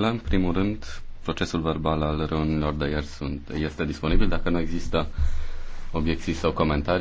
La în primul rând, procesul verbal al reuniunilor de ieri sunt, este disponibil. Dacă nu există obiecții sau comentarii,